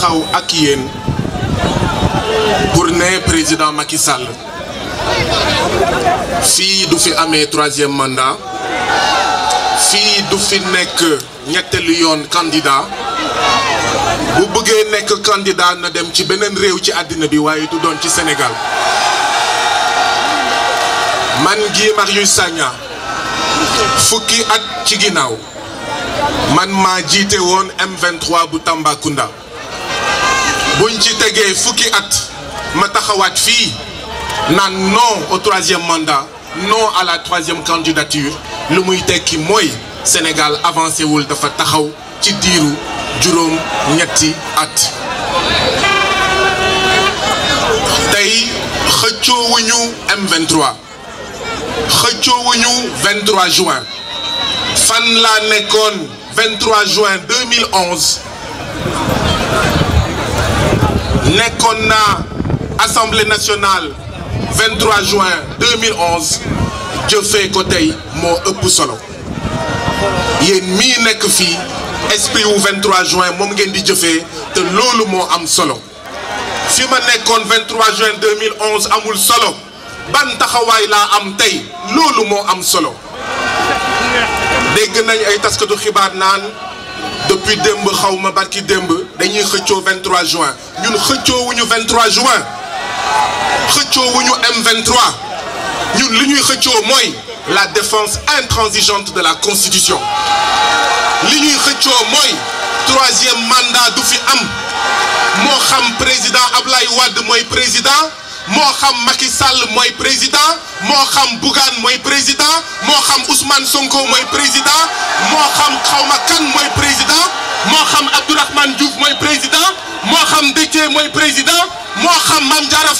taxaw ak yéen pour ne président Macky Sall fii du fi amee troisième mandat fii du fi nekk ñetteelu yoon candidat bu bëggee nekk candidat na dem ci beneen réew ci àddina bi waaye du doon ci senegal man Guy Marius Sagna fukki ak ci ginnaaw man maa jiite woon m bu Tambacounda buñ ci tegee fukki at ma taxawaat fii naan non au troisième mandat non à la troisième candidature lu muy tekki mooy Sénégal avancé wul dafa taxaw ci diiru juróom ñetti at tey xëccoowuñu M23 xëccoowuñu 23 juin fan laa nekkoon 23 juin 2011 nekkoon naa assemblée nationale 23 juin 2011 jëfee ko tey moo ëpp solo yéen mii nekk fii esprit wu 23 juin moom ngeen di jëfee te loolu moo am solo fi ma nekkoon 23 juin 2011 amul solo ban taxawaay laa am tey loolu moo am solo dégg nañu ay taskatu xibaar naan. depuis démb xaw barki démb dañuy xëccoo 23 juin ñun xëccoo wuñu 23 juin xëccoo wuñu m ñun li ñuy xëccoo mooy la défense intransigeante de la constitution li ñuy xëccoo mooy troisième mandat du fi am moo xam président Ablaye wad mooy président moo xam Macky Sall mooy président moo xam Bougane mooy président moo xam Ousmane Sonko mooy président moo xam xawma kan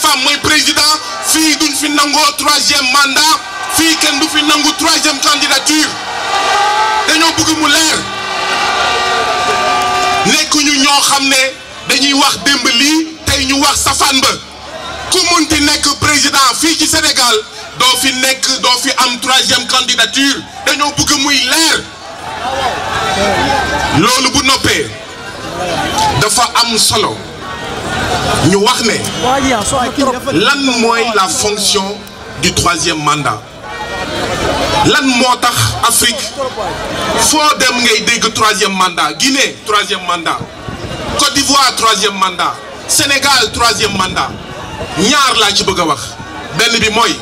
femme mooy président fii duñ fi nangoo troisième mandat fii kenn du fi nangu troisième candidature dañoo bëgg mu leer nekkuñu ñoo xam ne dañuy wax démb lii tey ñu wax safaan ba ku munti nekk président fii ci Sénégal doo fi nekk doo fi am troisième candidature dañoo bëgg muy leer loolu bu noppee dafa am solo. ñu wax ne lan mooy la fonction du troisième manda lan moo tax Afrique foo dem ngay dégg troisième mandat Guinée troisième mandat Côte d'Ivoire troisième manda Sénégal troisième manda ñaar laa ci bëgg a wax benn bi mooy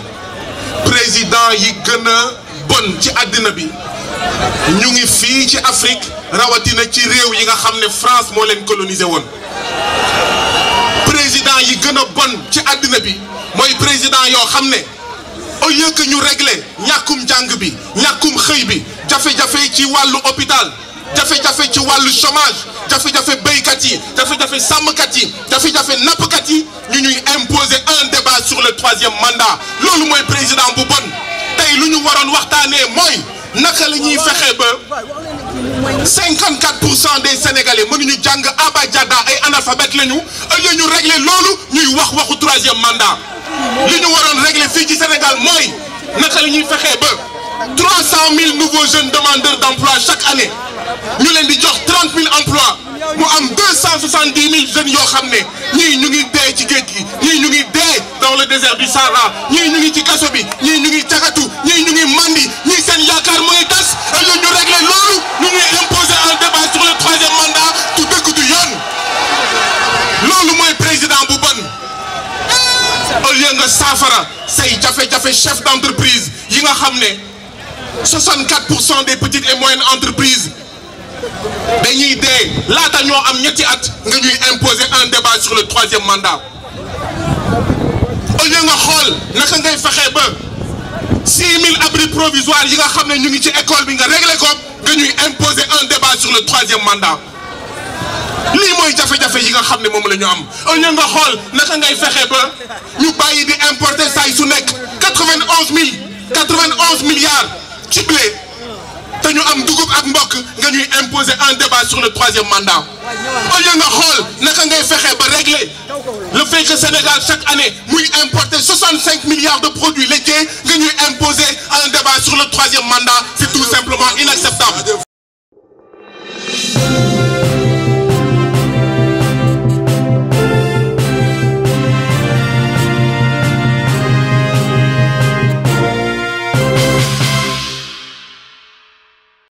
président yi gën a bon ci àddina bi ñu ngi fii ci Afrique rawatina ci réew yi nga xam ne France moo leen colonisé woon président yi gën a bon ci àddina bi mooy président yoo xam ne au lieu ñu régler ñàkkum jàng bi ñàkkum xëy bi jafe-jafe ci wàllu hôpital jafe-jafe ci wàllu chômage jafe-jafe béykat yi jafe-jafe sàmmkat yi jafe-jafe nappkat yi ñu ñuy imposer un débat sur le troisième mandat loolu mooy président bu bon tey lu ñu waroon waxtaanee mooy naka la fexe ba. 54 pour cent des sénégalais mënuñu jàng abajada ay analphabètes lañu au lieu ñu régler loolu ñuy wax waxu troisième mandat li ñu waroon régler fii ci Sénégal mooy naka la ñuy fexee ba 300 000 nouveaux jeunes demandeurs d' emploi chaque année ñu leen di jox 30 000 emplois mu am cent 270 000 jeunes yoo xam ne ñii ñu ngi dee ci géej gi ñii ñu ngi dee dans le désert du Sahara ñii ñu ngi ci kaso bi. saafara say jafe-jafe chef d'entreprise yi nga xam ne 64 pour cent des petites et moyennes entreprises dañuy dee laata ñoo am ñetti at nga ñuy imposer un débat sur le troisième mandat au lieu nga xool naka ngay fexe ba 6000 abris provisoires yi nga xam ne ñu ngi ci école bi nga réglé ko nga ñuy imposer un débat sur le troisième mandat. lii mooy jafe-jafe yi nga xam ne moom la ñu am ñu nga xool naka ngay fexe ba ñu di importer saa su nekk quatre-vingt-onze mille quatre-vingt-onze milliards ci blé am dugub ak mbokk nga ñuy imposer un débat sur le troisième mandat au lieu nga xool naka ngay fexe ba régler le fait que Sénégal chaque année muy importer 65 milliards de produits laitiers nga ñuy imposer un débat sur le troisième mandat c'est tout simplement inacceptable